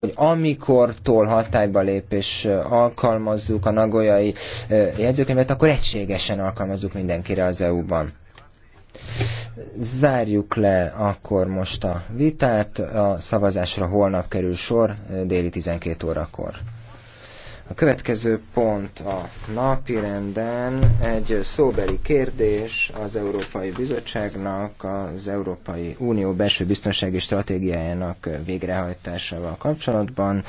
hogy amikortól hatályba lép és alkalmazzuk a nagolyai jegyzőkönyvet, akkor egységesen alkalmazzuk mindenkire az EU-ban. Zárjuk le akkor most a vitát, a szavazásra holnap kerül sor déli 12 órakor. A következő pont a napirenden egy szóbeli kérdés az Európai Bizottságnak, az Európai Unió belső biztonsági stratégiájának végrehajtásával kapcsolatban,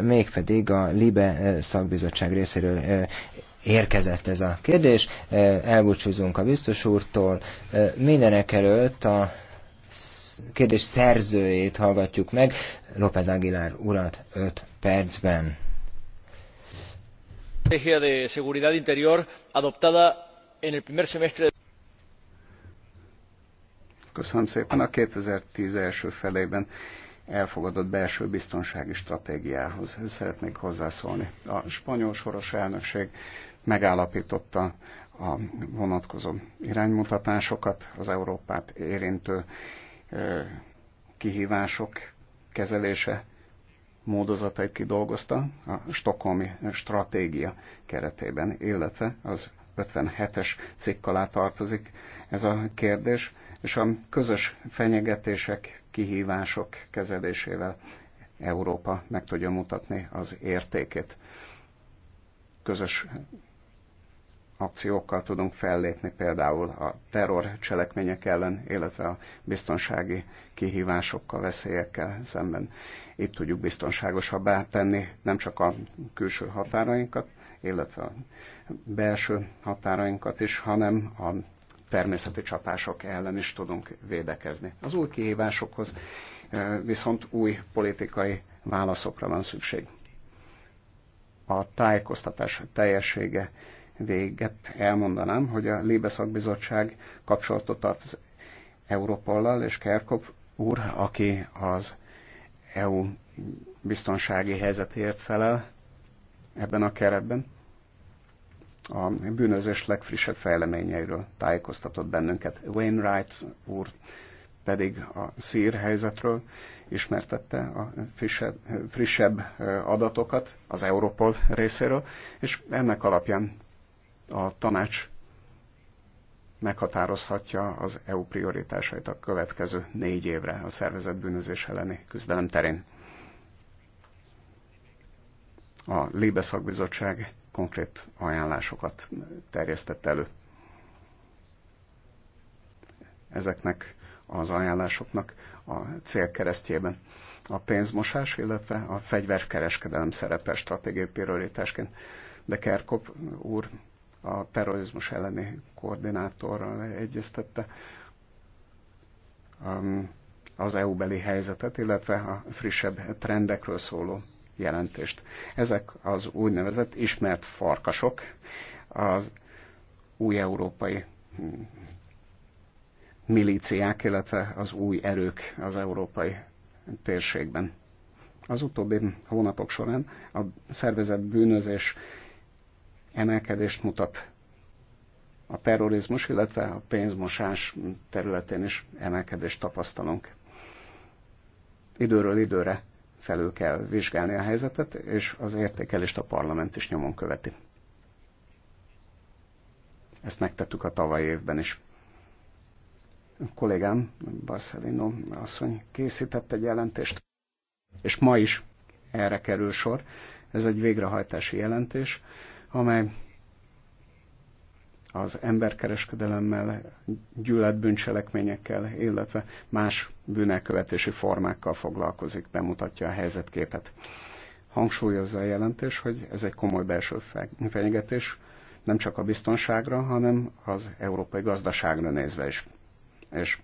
mégpedig a LIBE szakbizottság részéről érkezett ez a kérdés. Elbúcsúzunk a biztos úrtól. Mindenek előtt a kérdés szerzőjét hallgatjuk meg, López Aguilar urat 5 percben estrategia de seguridad interior adoptada en el primer semestre. Köszönöm szépen. A 2010 első felében elfogadott belső biztonsági stratégiához szeretnék hozzászólni. A spanyol soros elnökség megállapította a vonatkozó iránymutatásokat, az Európát érintő kihívások kezelése módozatait kidolgozta a Stokholmi stratégia keretében, illetve az 57-es cikk alá tartozik ez a kérdés, és a közös fenyegetések, kihívások kezelésével Európa meg tudja mutatni az értékét. Közös akciókkal tudunk fellépni például a terror cselekmények ellen, illetve a biztonsági kihívásokkal, veszélyekkel szemben. Itt tudjuk biztonságosabbá tenni nem csak a külső határainkat, illetve a belső határainkat is, hanem a természeti csapások ellen is tudunk védekezni. Az új kihívásokhoz eh, viszont új politikai válaszokra van szükség. A tájékoztatás teljessége véget elmondanám, hogy a Libe Szakbizottság kapcsolatot tart az Európollal, és Kerkop úr, aki az EU biztonsági helyzetért felel ebben a keretben, a bűnözés legfrissebb fejleményeiről tájékoztatott bennünket. Wainwright úr pedig a szír helyzetről ismertette a frissebb adatokat az Europol részéről, és ennek alapján a tanács meghatározhatja az EU prioritásait a következő négy évre a szervezet bűnözés elleni küzdelem terén. A Lébe szakbizottság konkrét ajánlásokat terjesztett elő. Ezeknek az ajánlásoknak a célkeresztjében a pénzmosás, illetve a fegyverkereskedelem szerepel stratégiai prioritásként. De Kerkop úr a terrorizmus elleni koordinátorral egyeztette um, az EU-beli helyzetet, illetve a frissebb trendekről szóló jelentést. Ezek az úgynevezett ismert farkasok az új európai hm, milíciák, illetve az új erők az európai térségben. Az utóbbi hónapok során a szervezett bűnözés emelkedést mutat a terrorizmus, illetve a pénzmosás területén is emelkedést tapasztalunk. Időről időre felül kell vizsgálni a helyzetet, és az értékelést a parlament is nyomon követi. Ezt megtettük a tavalyi évben is. A kollégám, Barcelino asszony készített egy jelentést, és ma is erre kerül sor. Ez egy végrehajtási jelentés amely az emberkereskedelemmel, gyűlöletbűncselekményekkel, illetve más bűnelkövetési formákkal foglalkozik, bemutatja a helyzetképet. Hangsúlyozza a jelentés, hogy ez egy komoly belső fenyegetés, nem csak a biztonságra, hanem az európai gazdaságra nézve is. És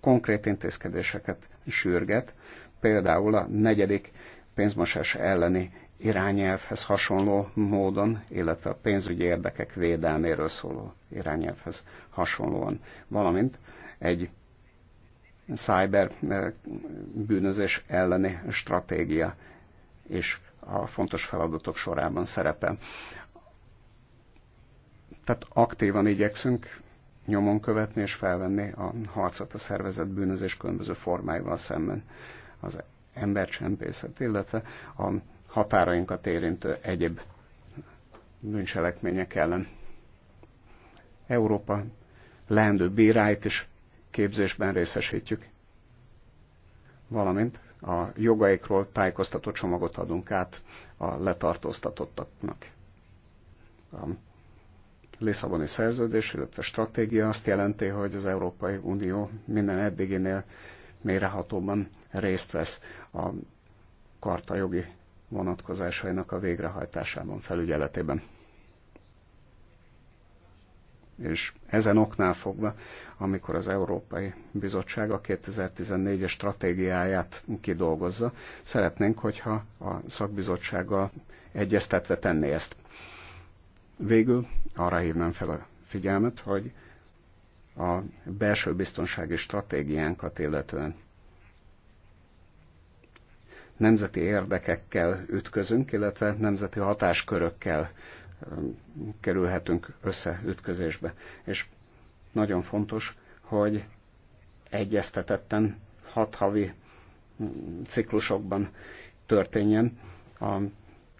konkrét intézkedéseket sürget, például a negyedik pénzmosás elleni irányelvhez hasonló módon, illetve a pénzügyi érdekek védelméről szóló irányelvhez hasonlóan, valamint egy cyber eh, bűnözés elleni stratégia és a fontos feladatok sorában szerepel. Tehát aktívan igyekszünk nyomon követni és felvenni a harcot a szervezet bűnözés különböző formáival szemben az embercsempészet, illetve a határainkat érintő egyéb bűncselekmények ellen. Európa leendő bíráit is képzésben részesítjük, valamint a jogaikról tájékoztató csomagot adunk át a letartóztatottaknak. A Lisszaboni szerződés, illetve stratégia azt jelenti, hogy az Európai Unió minden eddiginél mérehatóban részt vesz a karta jogi vonatkozásainak a végrehajtásában, felügyeletében. És ezen oknál fogva, amikor az Európai Bizottság a 2014-es stratégiáját kidolgozza, szeretnénk, hogyha a szakbizottsággal egyeztetve tenné ezt. Végül arra hívnám fel a figyelmet, hogy a belső biztonsági stratégiánkat illetően nemzeti érdekekkel ütközünk, illetve nemzeti hatáskörökkel um, kerülhetünk összeütközésbe. És nagyon fontos, hogy egyeztetetten hat havi um, ciklusokban történjen a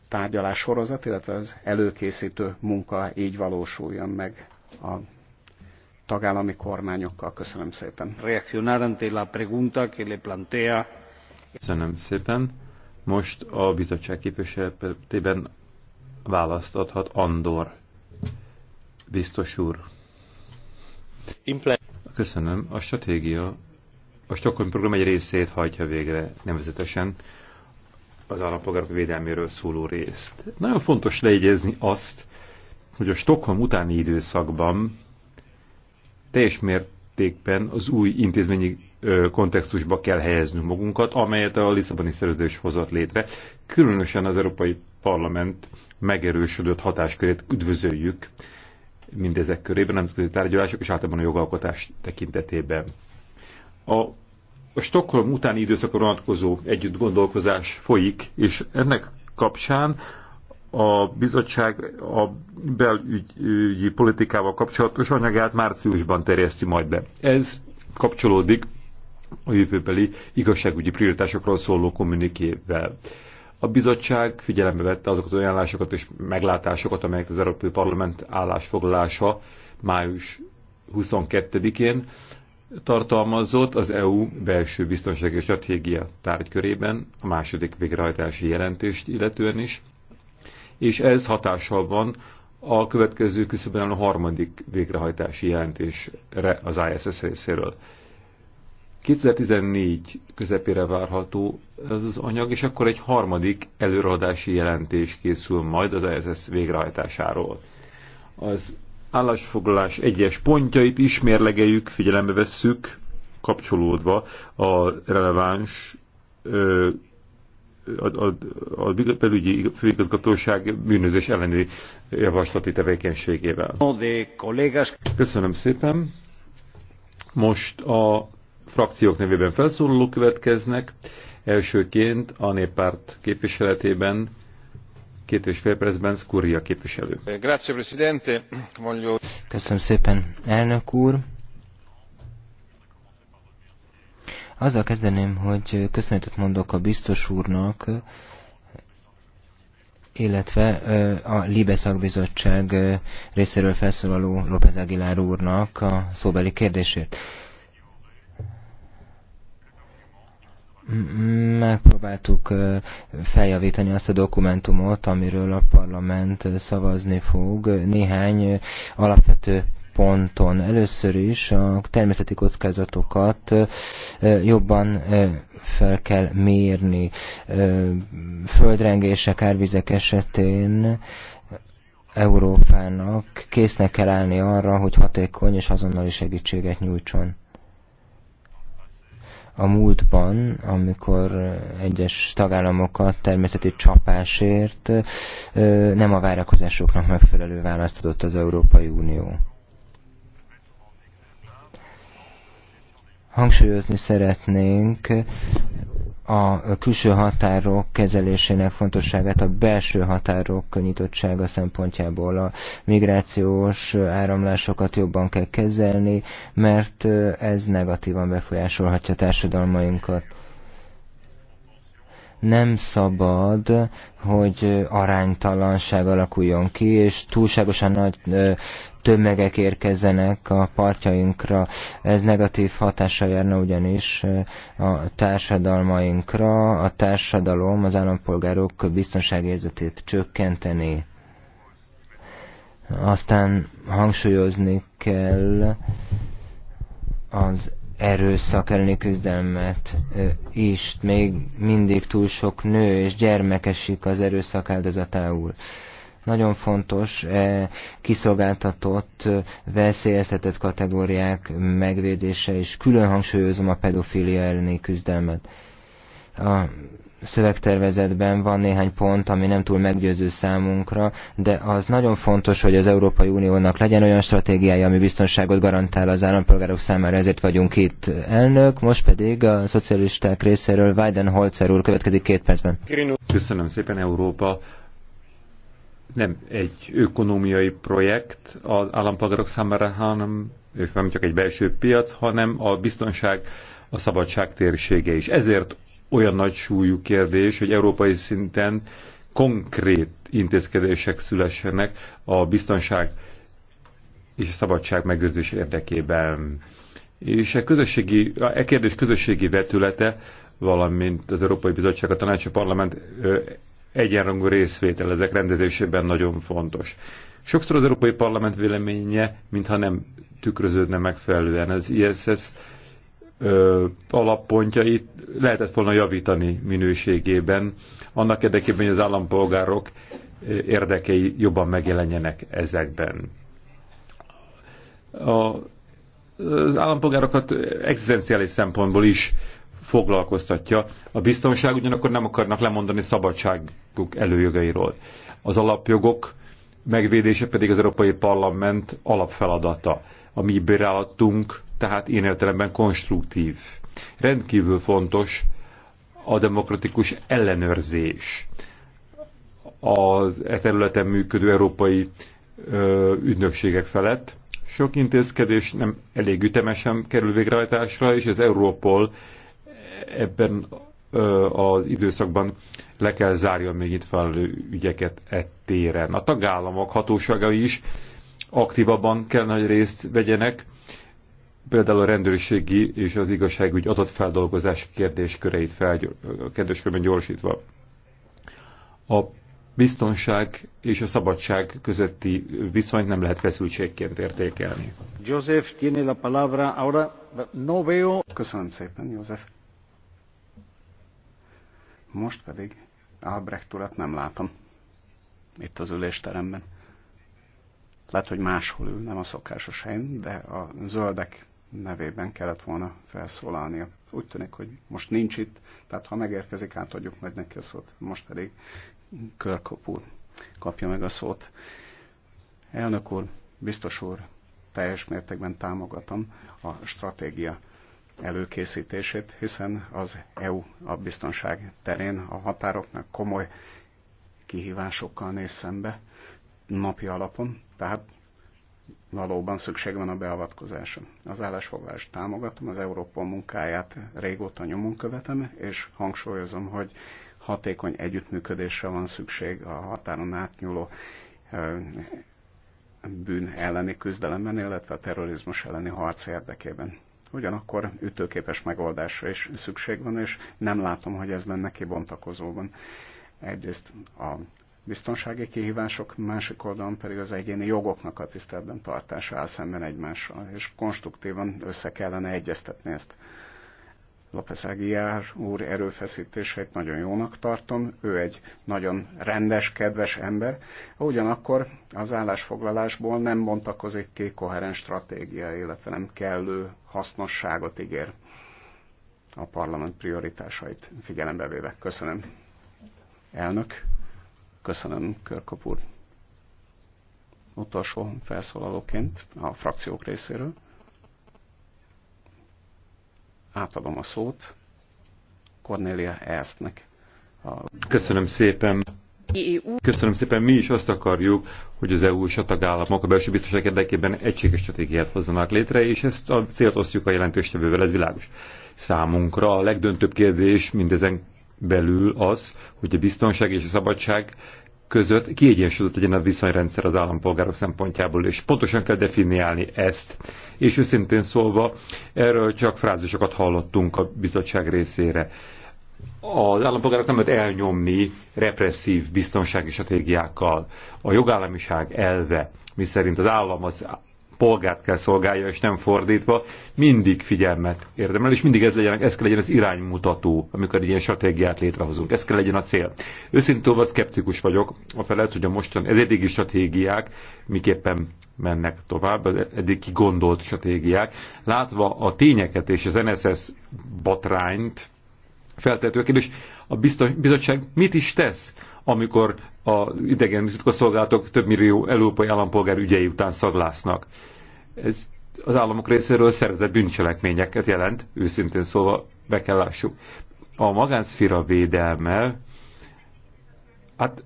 tárgyalás sorozat, illetve az előkészítő munka így valósuljon meg a tagállami kormányokkal. Köszönöm szépen. Reaccionar ante la pregunta que le plantea Köszönöm szépen. Most a bizottság képviseletében választ adhat Andor. Biztos úr. Köszönöm. A stratégia a Stockholm program egy részét hajtja végre, nevezetesen az állampolgárok védelméről szóló részt. Nagyon fontos leigyezni azt, hogy a Stockholm utáni időszakban teljes mértékben az új intézményi kontextusba kell helyeznünk magunkat, amelyet a Lisszaboni szerződés hozott létre. Különösen az Európai Parlament megerősödött hatáskörét üdvözöljük mindezek körében, nemzetközi tárgyalások és általában a jogalkotás tekintetében. A a Stockholm utáni időszakra vonatkozó együtt gondolkozás folyik, és ennek kapcsán a bizottság a belügyi politikával kapcsolatos anyagát márciusban terjeszti majd be. Ez kapcsolódik a jövőbeli igazságügyi prioritásokról szóló kommunikével. A bizottság figyelembe vette azokat az ajánlásokat és meglátásokat, amelyek az Európai Parlament állásfoglalása május 22-én tartalmazott az EU belső biztonsági stratégia tárgykörében, a második végrehajtási jelentést illetően is, és ez hatással van a következő küszöbben a harmadik végrehajtási jelentésre az ISS részéről. 2014 közepére várható ez az anyag, és akkor egy harmadik előreadási jelentés készül majd az ESS végrehajtásáról. Az állásfoglalás egyes pontjait ismérlegeljük, figyelembe vesszük, kapcsolódva a releváns ö, a, a, a belügyi főigazgatóság bűnözés elleni javaslati tevékenységével. Köszönöm szépen. Most a frakciók nevében felszólalók következnek. Elsőként a néppárt képviseletében két és fél percben Skurria képviselő. Grazie, Presidente. Köszönöm szépen, elnök úr. Azzal kezdeném, hogy köszönetet mondok a biztos úrnak, illetve a Libe szakbizottság részéről felszólaló López Aguilar úrnak a szóbeli kérdésért. megpróbáltuk feljavítani azt a dokumentumot, amiről a parlament szavazni fog néhány alapvető ponton. Először is a természeti kockázatokat jobban fel kell mérni. Földrengések, árvizek esetén Európának késznek kell állni arra, hogy hatékony és azonnali segítséget nyújtson a múltban, amikor egyes tagállamokat természeti csapásért nem a várakozásoknak megfelelő választ adott az Európai Unió. Hangsúlyozni szeretnénk a külső határok kezelésének fontosságát a belső határok nyitottsága szempontjából a migrációs áramlásokat jobban kell kezelni, mert ez negatívan befolyásolhatja társadalmainkat. Nem szabad, hogy aránytalanság alakuljon ki, és túlságosan nagy tömegek érkezzenek a partjainkra. Ez negatív hatással járna ugyanis eh, a társadalmainkra, a társadalom, az állampolgárok biztonságérzetét csökkenteni. Aztán hangsúlyozni kell az erőszak elleni küzdelmet eh, is. Még mindig túl sok nő és gyermekesik az erőszak áldozatául. Nagyon fontos eh, kiszolgáltatott, eh, veszélyeztetett kategóriák megvédése, és külön hangsúlyozom a pedofília elleni küzdelmet. A szövegtervezetben van néhány pont, ami nem túl meggyőző számunkra, de az nagyon fontos, hogy az Európai Uniónak legyen olyan stratégiája, ami biztonságot garantál az állampolgárok számára, ezért vagyunk itt elnök, most pedig a szocialisták részéről Weidenholzer úr következik két percben. Köszönöm szépen Európa nem egy ökonomiai projekt az állampolgárok számára, hanem nem csak egy belső piac, hanem a biztonság, a szabadság térsége is. Ezért olyan nagy súlyú kérdés, hogy európai szinten konkrét intézkedések szülessenek a biztonság és a szabadság megőrzés érdekében. És a, közösségi, a e kérdés közösségi vetülete, valamint az Európai Bizottság, a Tanács, a Parlament egyenrangú részvétel ezek rendezésében nagyon fontos. Sokszor az Európai Parlament véleménye, mintha nem tükröződne megfelelően. Az ISS ö, alappontjait lehetett volna javítani minőségében, annak érdekében, hogy az állampolgárok érdekei jobban megjelenjenek ezekben. A, az állampolgárokat egzisztenciális szempontból is foglalkoztatja a biztonság, ugyanakkor nem akarnak lemondani szabadságuk előjogairól. Az alapjogok megvédése pedig az Európai Parlament alapfeladata. A mi bírálatunk tehát én értelemben konstruktív. Rendkívül fontos a demokratikus ellenőrzés az e területen működő európai ö, ügynökségek felett. Sok intézkedés nem elég ütemesen kerül végrehajtásra, és az Európol ebben az időszakban le kell zárjon még itt felelő ügyeket e téren. A tagállamok hatóságai is aktívabban kell nagy részt vegyenek, például a rendőrségi és az igazságügy adatfeldolgozás kérdésköreit felgyor, kérdéskörben gyorsítva. A biztonság és a szabadság közötti viszonyt nem lehet feszültségként értékelni. Joseph tiene la palabra ahora. No veo. Köszönöm szépen, József. Most pedig Albrecht urat nem látom itt az ülésteremben. Lehet, hogy máshol ül, nem a szokásos helyen, de a zöldek nevében kellett volna felszólalnia. Úgy tűnik, hogy most nincs itt, tehát ha megérkezik, átadjuk majd neki a szót. Most pedig Körkopúr kapja meg a szót. Elnök úr, biztos úr, teljes mértékben támogatom a stratégia előkészítését, hiszen az EU a biztonság terén a határoknak komoly kihívásokkal néz szembe napi alapon, tehát valóban szükség van a beavatkozásra. Az állásfoglalást támogatom, az Európa munkáját régóta nyomon követem, és hangsúlyozom, hogy hatékony együttműködésre van szükség a határon átnyúló bűn elleni küzdelemben, illetve a terrorizmus elleni harc érdekében. Ugyanakkor ütőképes megoldásra is szükség van, és nem látom, hogy ez lenne kibontakozóban. Egyrészt a biztonsági kihívások, másik oldalon pedig az egyéni jogoknak a tiszteletben tartása áll szemben egymással, és konstruktívan össze kellene egyeztetni ezt. López Aguiar úr erőfeszítéseit nagyon jónak tartom, ő egy nagyon rendes, kedves ember, ugyanakkor az állásfoglalásból nem bontakozik ki koherens stratégia, illetve nem kellő hasznosságot ígér a parlament prioritásait figyelembe véve. Köszönöm. Elnök, köszönöm Körkapúr. Utolsó felszólalóként a frakciók részéről átadom a szót Cornelia A... Köszönöm szépen. E Köszönöm szépen, mi is azt akarjuk, hogy az EU és a tagállamok a belső biztonság érdekében egységes stratégiát hozzanak létre, és ezt a célt osztjuk a jelentéstevővel, ez világos. Számunkra a legdöntőbb kérdés mindezen belül az, hogy a biztonság és a szabadság között kiegyensúlyozott legyen a viszonyrendszer az állampolgárok szempontjából, és pontosan kell definiálni ezt. És őszintén szólva, erről csak frázisokat hallottunk a bizottság részére. Az állampolgárok nem lehet elnyomni represszív biztonsági stratégiákkal. A jogállamiság elve, miszerint az állam az polgárt kell szolgálja, és nem fordítva, mindig figyelmet érdemel, és mindig ez, legyen, ez kell legyen az iránymutató, amikor egy ilyen stratégiát létrehozunk. Ez kell legyen a cél. Őszintén szkeptikus vagyok, a felett, hogy a mostan, ez eddigi stratégiák miképpen mennek tovább, az eddig kigondolt stratégiák. Látva a tényeket és az NSS botrányt, feltehető a kérdés, a biztos, bizottság mit is tesz, amikor a idegen titkosszolgálatok több millió európai állampolgár ügyei után szaglásznak. Ez az államok részéről szerzett bűncselekményeket jelent, őszintén szóval be kell lássuk. A magánszféra védelme, hát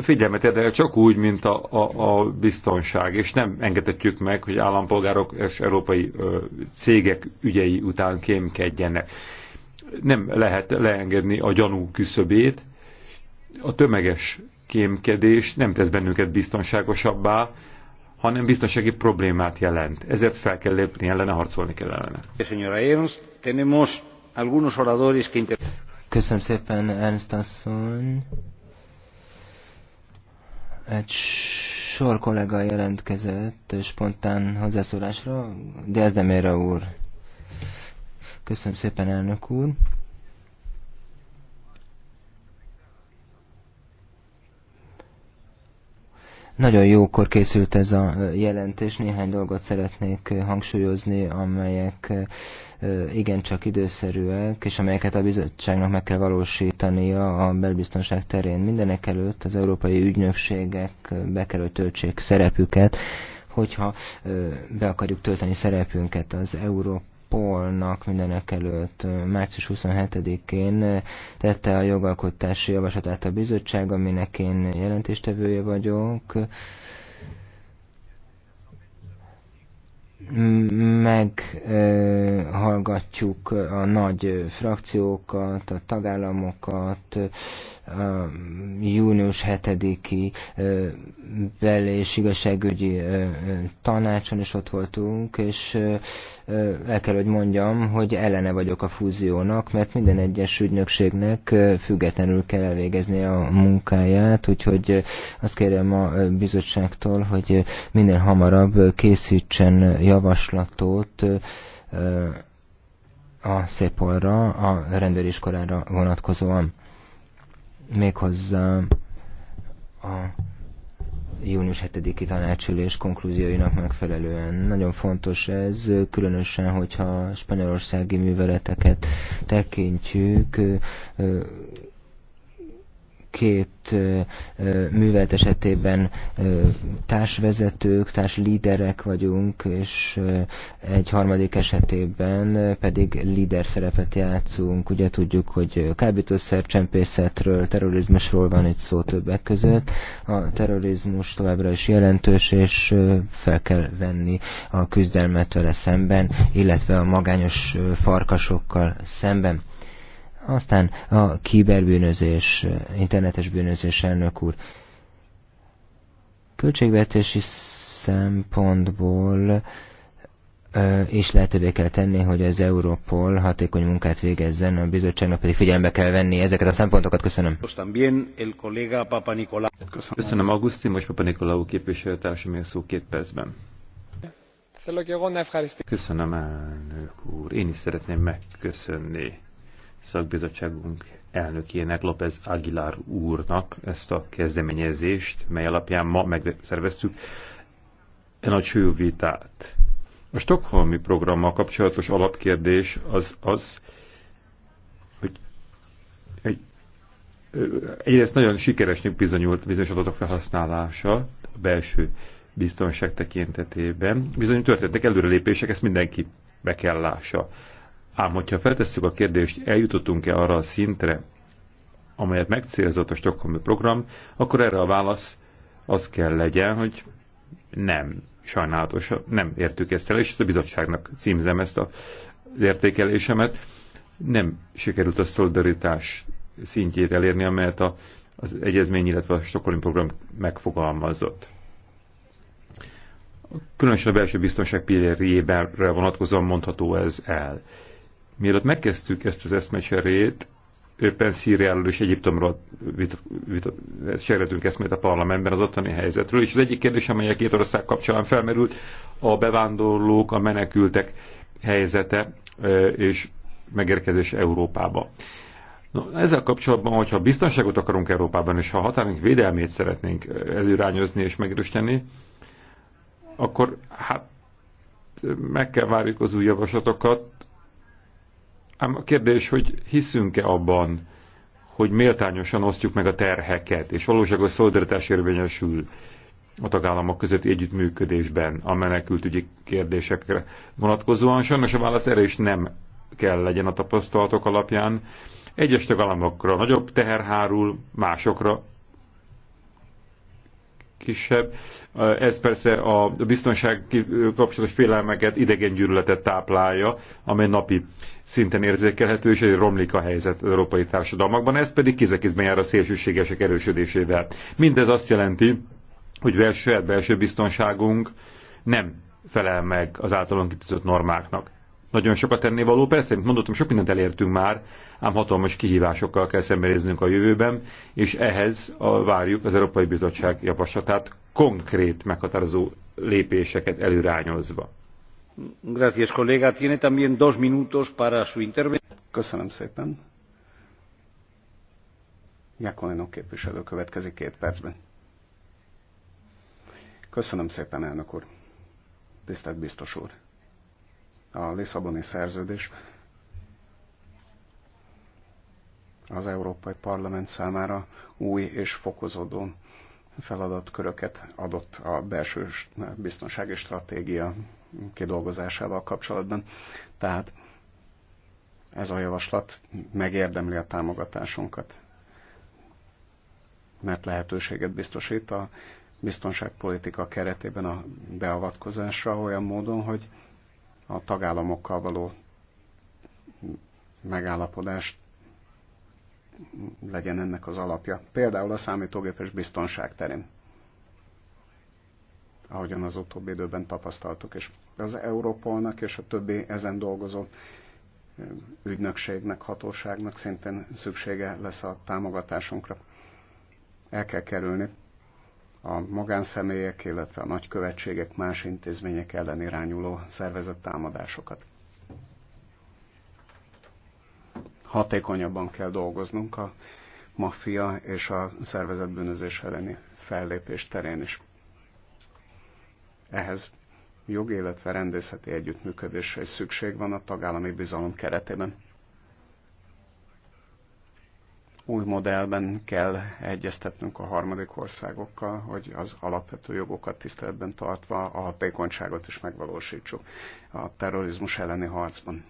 figyelmet érdekel csak úgy, mint a, a, a biztonság, és nem engedhetjük meg, hogy állampolgárok és európai ö, cégek ügyei után kémkedjenek. Nem lehet leengedni a gyanú küszöbét, a tömeges kémkedés nem tesz bennünket biztonságosabbá, hanem biztonsági problémát jelent. Ezért fel kell lépni ellene, harcolni kell ellene. Köszönöm szépen, Ernst asszony. Egy sor kollega jelentkezett spontán hozzászólásra, de ez nem ér úr. Köszönöm szépen, elnök úr. Nagyon jókor készült ez a jelentés, néhány dolgot szeretnék hangsúlyozni, amelyek igencsak időszerűek, és amelyeket a bizottságnak meg kell valósítania a belbiztonság terén. Mindenek előtt az európai ügynökségek be kell, hogy töltsék szerepüket, hogyha be akarjuk tölteni szerepünket az Európa Polnak mindenek előtt március 27-én tette a jogalkotási javaslatát a bizottság, aminek én jelentéstevője vagyok. Meghallgatjuk a nagy frakciókat, a tagállamokat, június 7-i bel- és igazságügyi tanácson is ott voltunk, és el kell, hogy mondjam, hogy ellene vagyok a fúziónak, mert minden egyes ügynökségnek függetlenül kell elvégezni a munkáját, úgyhogy azt kérem a bizottságtól, hogy minél hamarabb készítsen javaslatot a szépolra, a rendőriskolára vonatkozóan méghozzá a június 7-i tanácsülés konklúzióinak megfelelően. Nagyon fontos ez, különösen, hogyha spanyolországi műveleteket tekintjük, két művelet esetében társvezetők, társlíderek vagyunk, és egy harmadik esetében pedig líder szerepet játszunk. Ugye tudjuk, hogy kábítószer csempészetről, terrorizmusról van itt szó többek között. A terrorizmus továbbra is jelentős, és fel kell venni a küzdelmet vele szemben, illetve a magányos farkasokkal szemben. Aztán a kiberbűnözés, internetes bűnözés elnök úr. Költségvetési szempontból és lehetővé kell tenni, hogy az Europol hatékony munkát végezzen, a bizottságnak pedig figyelembe kell venni ezeket a szempontokat. Köszönöm. Köszönöm, Augustin, most Papa képviselőtársa még szó két percben. Köszönöm, elnök úr. Én is szeretném megköszönni szakbizottságunk elnökének, López Aguilar úrnak ezt a kezdeményezést, mely alapján ma megszerveztük e nagy vitát. A Stockholmi programmal kapcsolatos alapkérdés az az, hogy, hogy egyrészt nagyon sikeresnek bizonyult bizonyos adatok felhasználása a belső biztonság tekintetében. Bizony történtek előrelépések, ezt mindenki be kell lássa. Ám hogyha feltesszük a kérdést, eljutottunk-e arra a szintre, amelyet megcélzott a Stockholmi program, akkor erre a válasz az kell legyen, hogy nem, sajnálatos, nem értük ezt el, és ezt a bizottságnak címzem ezt a értékelésemet. Nem sikerült a szolidaritás szintjét elérni, amelyet a, az egyezmény, illetve a Stockholmi program megfogalmazott. Különösen a belső biztonság pillérjében vonatkozóan mondható ez el. Mielőtt megkezdtük ezt az eszmecserét, éppen Szíriáról és Egyiptomról vita, vita, cseréltünk eszmét a parlamentben az ottani helyzetről, és az egyik kérdés, amely a két ország kapcsolán felmerült, a bevándorlók, a menekültek helyzete és megérkezés Európába. No, ezzel kapcsolatban, hogyha biztonságot akarunk Európában, és ha a határunk védelmét szeretnénk előrányozni és megerősíteni, akkor hát meg kell várjuk az új javaslatokat, Ám a kérdés, hogy hiszünk-e abban, hogy méltányosan osztjuk meg a terheket, és valóságos szolidaritás érvényesül a tagállamok közötti együttműködésben a menekültügyi kérdésekre vonatkozóan. Sajnos a válasz erre is nem kell legyen a tapasztalatok alapján. Egyes tagállamokra nagyobb teher hárul, másokra kisebb. Eh, ez persze a biztonság kapcsolatos félelmeket, idegen gyűlöletet táplálja, amely napi szinten érzékelhető, és egy romlik a helyzet az európai társadalmakban. Ez pedig kizekizben jár a szélsőségesek erősödésével. Mindez azt jelenti, hogy belső, hát belső biztonságunk nem felel meg az általunk kitűzött normáknak. Nagyon sokat tenni való. persze, mint mondottam, sok mindent elértünk már, ám hatalmas kihívásokkal kell szembenéznünk a jövőben, és ehhez a, várjuk az Európai Bizottság javaslatát konkrét meghatározó lépéseket előrányozva. Gracias, kollega. Tiene también dos minutos para su intervención. Köszönöm szépen. Jakolino képviselő következik két percben. Köszönöm szépen, elnök úr. Tisztelt biztos úr a Lisszaboni szerződés az Európai Parlament számára új és fokozódó feladatköröket adott a belső biztonsági stratégia kidolgozásával kapcsolatban. Tehát ez a javaslat megérdemli a támogatásunkat, mert lehetőséget biztosít a biztonságpolitika keretében a beavatkozásra olyan módon, hogy a tagállamokkal való megállapodás legyen ennek az alapja. Például a számítógépes biztonság terén, ahogyan az utóbbi időben tapasztaltuk, és az Európolnak és a többi ezen dolgozó ügynökségnek, hatóságnak szintén szüksége lesz a támogatásunkra. El kell kerülni a magánszemélyek, illetve a nagykövetségek, más intézmények ellen irányuló szervezett támadásokat. Hatékonyabban kell dolgoznunk a maffia és a szervezett bűnözés elleni fellépés terén is. Ehhez jogi, illetve rendészeti együttműködésre is szükség van a tagállami bizalom keretében új modellben kell egyeztetnünk a harmadik országokkal, hogy az alapvető jogokat tiszteletben tartva a hatékonyságot is megvalósítsuk a terrorizmus elleni harcban.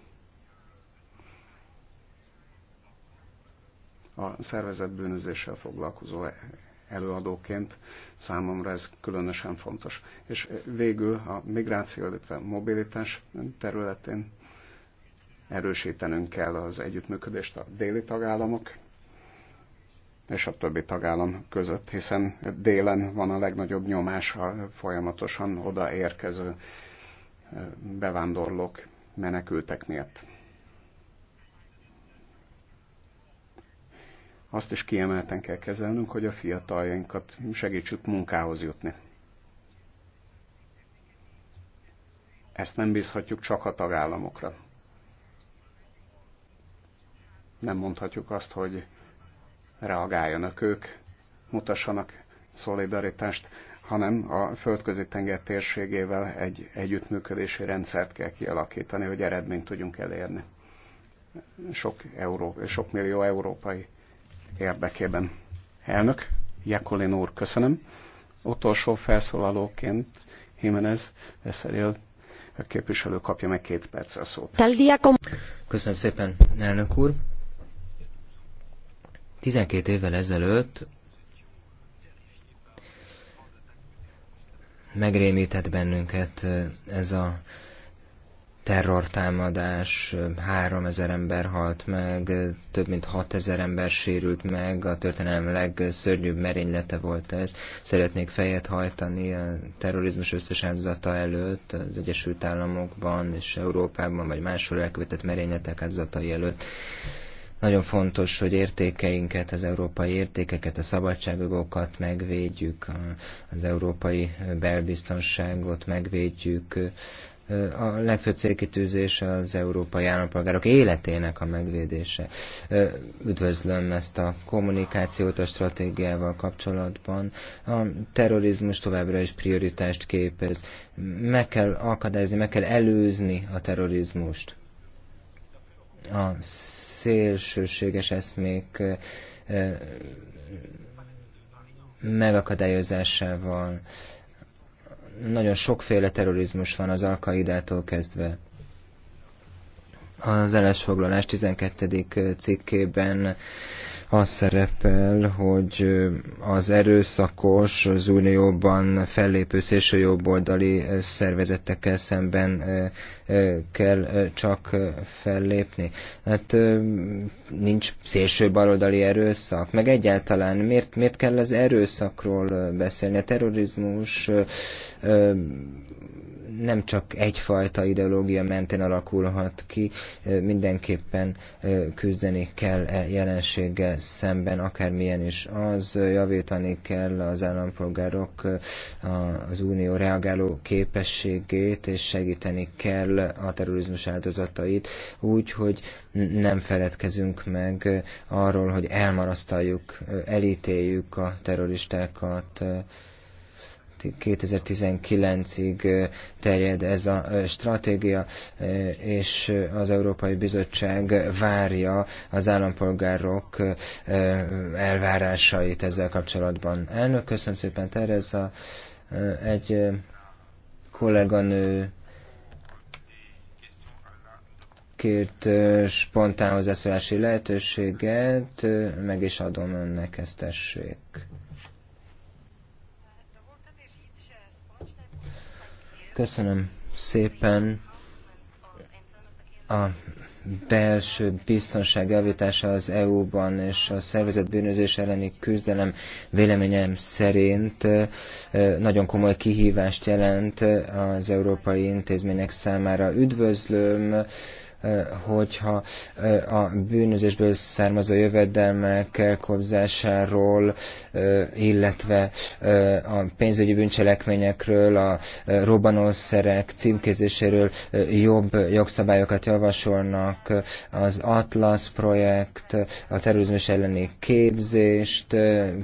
A szervezet bűnözéssel foglalkozó előadóként számomra ez különösen fontos. És végül a migráció, illetve mobilitás területén erősítenünk kell az együttműködést a déli tagállamok és a többi tagállam között, hiszen délen van a legnagyobb nyomás a folyamatosan odaérkező bevándorlók menekültek miatt. Azt is kiemelten kell kezelnünk, hogy a fiataljainkat segítsük munkához jutni. Ezt nem bízhatjuk csak a tagállamokra. Nem mondhatjuk azt, hogy reagáljanak ők, mutassanak szolidaritást, hanem a földközi tenger térségével egy együttműködési rendszert kell kialakítani, hogy eredményt tudjunk elérni. Sok, euró, sok millió európai érdekében. Elnök, Jekolin úr, köszönöm. Utolsó felszólalóként Jimenez Eszerél képviselő kapja meg két percre a szót. Köszönöm szépen, elnök úr. 12 évvel ezelőtt megrémített bennünket ez a terrortámadás, 3000 ember halt meg, több mint 6000 ember sérült meg, a történelem legszörnyűbb merénylete volt ez. Szeretnék fejet hajtani a terrorizmus összes áldozata előtt, az Egyesült Államokban és Európában, vagy máshol elkövetett merényletek áldozatai előtt. Nagyon fontos, hogy értékeinket, az európai értékeket, a szabadságjogokat megvédjük, az európai belbiztonságot megvédjük. A legfőbb célkitűzés az európai állampolgárok életének a megvédése. Üdvözlöm ezt a kommunikációt a stratégiával kapcsolatban. A terrorizmus továbbra is prioritást képez. Meg kell akadályozni, meg kell előzni a terrorizmust a szélsőséges eszmék megakadályozásával. Nagyon sokféle terrorizmus van az alkaidától kezdve. Az ellensfoglalás 12. cikkében az szerepel, hogy az erőszakos, az unióban fellépő szélső jobboldali szervezetekkel szemben kell csak fellépni. Hát nincs szélső baloldali erőszak, meg egyáltalán miért, miért kell az erőszakról beszélni? A terrorizmus nem csak egyfajta ideológia mentén alakulhat ki, mindenképpen küzdeni kell e jelenséggel szemben, akármilyen is az, javítani kell az állampolgárok az unió reagáló képességét, és segíteni kell a terrorizmus áldozatait úgy, hogy nem feledkezünk meg arról, hogy elmarasztaljuk, elítéljük a terroristákat, 2019-ig terjed ez a stratégia, és az Európai Bizottság várja az állampolgárok elvárásait ezzel kapcsolatban. Elnök, köszönöm szépen, Terez, Egy kolléganő kért spontán hozzászólási lehetőséget, meg is adom önnek ezt tessék. Köszönöm szépen a belső biztonság elvítása az EU-ban és a szervezett bűnözés elleni küzdelem véleményem szerint nagyon komoly kihívást jelent az európai intézmények számára. Üdvözlöm hogyha a bűnözésből származó jövedelmek elkobzásáról, illetve a pénzügyi bűncselekményekről, a robbanószerek címkézéséről jobb jogszabályokat javasolnak, az Atlas projekt, a terrorizmus elleni képzést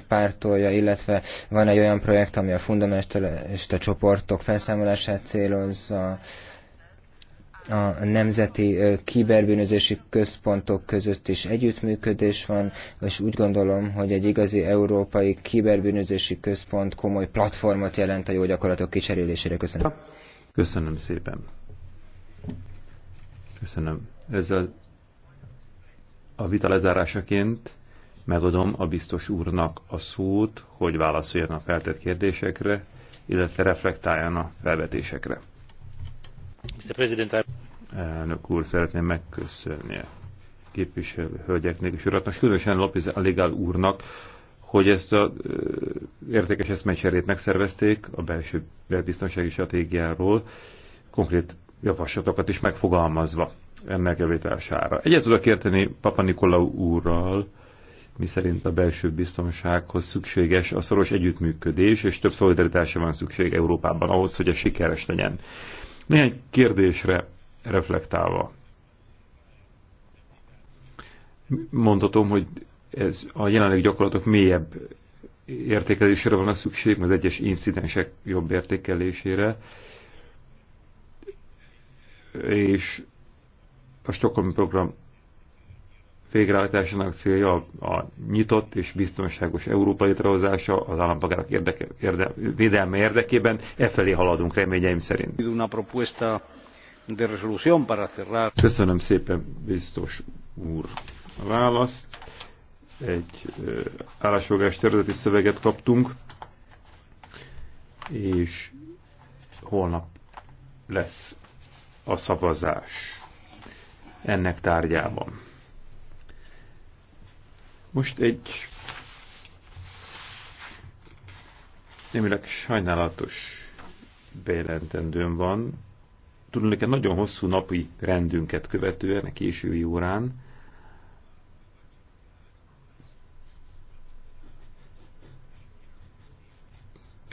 pártolja, illetve van egy olyan projekt, ami a fundamentalista csoportok felszámolását célozza, a nemzeti kiberbűnözési központok között is együttműködés van, és úgy gondolom, hogy egy igazi európai kiberbűnözési központ komoly platformot jelent a jó gyakorlatok kicserélésére. Köszönöm. Köszönöm szépen. Köszönöm. Ez a, a vita lezárásaként megadom a biztos úrnak a szót, hogy válaszoljon a feltett kérdésekre, illetve reflektáljon a felvetésekre. Mr. President, I elnök úr, szeretném megköszönni a képviselő hölgyeknek és uratnak, különösen Lopez Aligál úrnak, hogy ezt a értékes eszmecserét megszervezték a belső biztonsági stratégiáról, konkrét javaslatokat is megfogalmazva ennek javítására. Egyet tudok érteni Papa Nikolau úrral, mi szerint a belső biztonsághoz szükséges a szoros együttműködés, és több szolidaritásra van szükség Európában ahhoz, hogy ez sikeres legyen. Néhány kérdésre reflektálva. Mondhatom, hogy ez a jelenleg gyakorlatok mélyebb értékelésére van a szükség, az egyes incidensek jobb értékelésére, és a Stockholm program végrehajtásának célja a nyitott és biztonságos Európa létrehozása az állampolgárok érdeke, érde, védelme érdekében. E felé haladunk reményeim szerint. Köszönöm szépen, biztos úr. A választ egy állásfogás területi szöveget kaptunk, és holnap lesz a szavazás ennek tárgyában. Most egy némileg sajnálatos bejelentendőm van, tulajdonképpen nagyon hosszú napi rendünket követően, a késői órán,